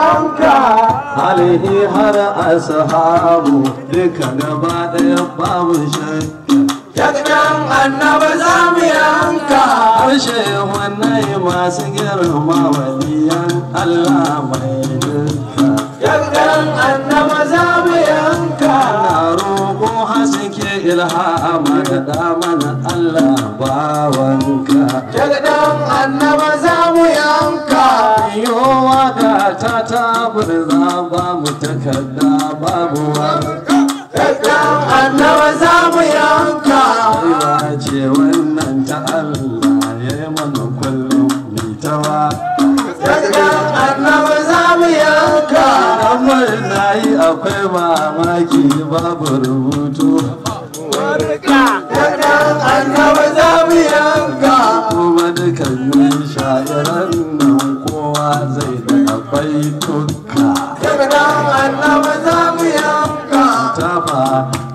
anka alihi har ashabu duka gaba daya babu shakka Jagnan annaba za mu yanka Harshe wannan masu girma waliyan Allah mai duka Jagnan annabi za mu yanka Na roƙo haske ilhama da daman Allah bawanka Jagnan annaba za murza babu takarda babu wanka kakkan annawa za mu yanka aiwa ce wannan ta Allah ya yi mana kullum mitawa kakkan annawa za mu yanka amma na yi akwai mamaki babu rubutu baituka yabda annaba za mu yanka tafa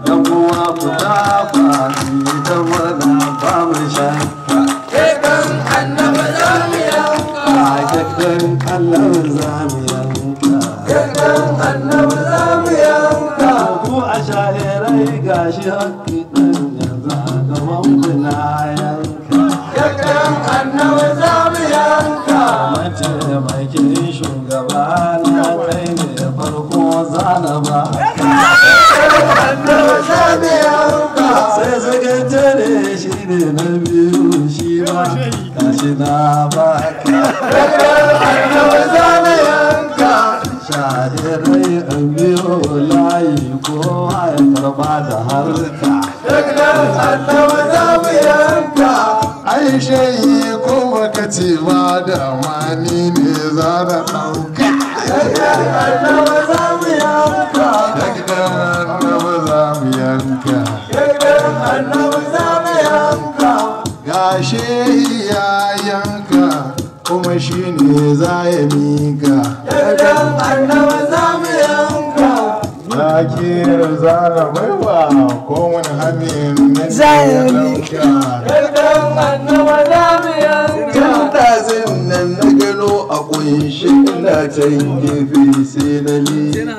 dan uwa mu tafa ni da wala ba mu shakka yabdan annaba za mu yanka yabdan annaba za mu yanka yabdan annaba za mu yanka ku a shahirai gashi hakki dan yanzu ga mun yanka yabdan annaba za mu yanka. ma tashi na baka daga annabi zanayenka shahirai an biyo layi ko ya da harka daga annabi zanayenka ai shehi kuma ka ce ba da mani ne za da ɗauka daga annabi ashe ya yanka kuma shi ne za ya mika yardan annawa za mu yanka Zaki zara baiwa ko wani hamin za ya mika yardan annawa za mu yanka tazin nan na gano a kunshi na can gefe sai na mika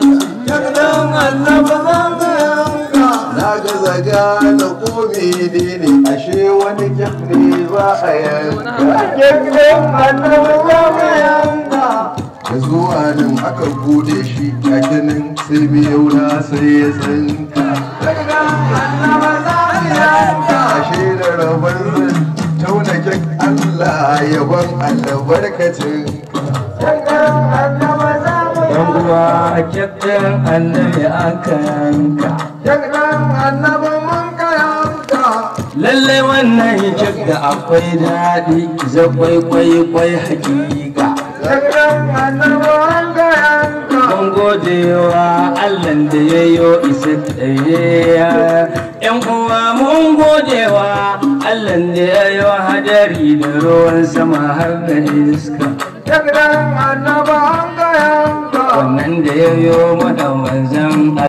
yardan annawa idi ne ashe wani kek ne za a yanka kek ne annabi za mu yanka da zuwa nan aka bude shi kakinin sai miyau na sai ya tsinka ashe da rabar zan tauna kek allah yaban albarkacin yan uwa kek ɗin annabi aka yanka kek ɗin lallai wannan hijab da akwai daɗi za kwai kwai hakika Mun godewa Allah da ya yo isa tsaye ‘Yan uwa mun godewa Allah da ya yo hadari da ruwan sama har da iska. Wannan da ya yo mana wanzan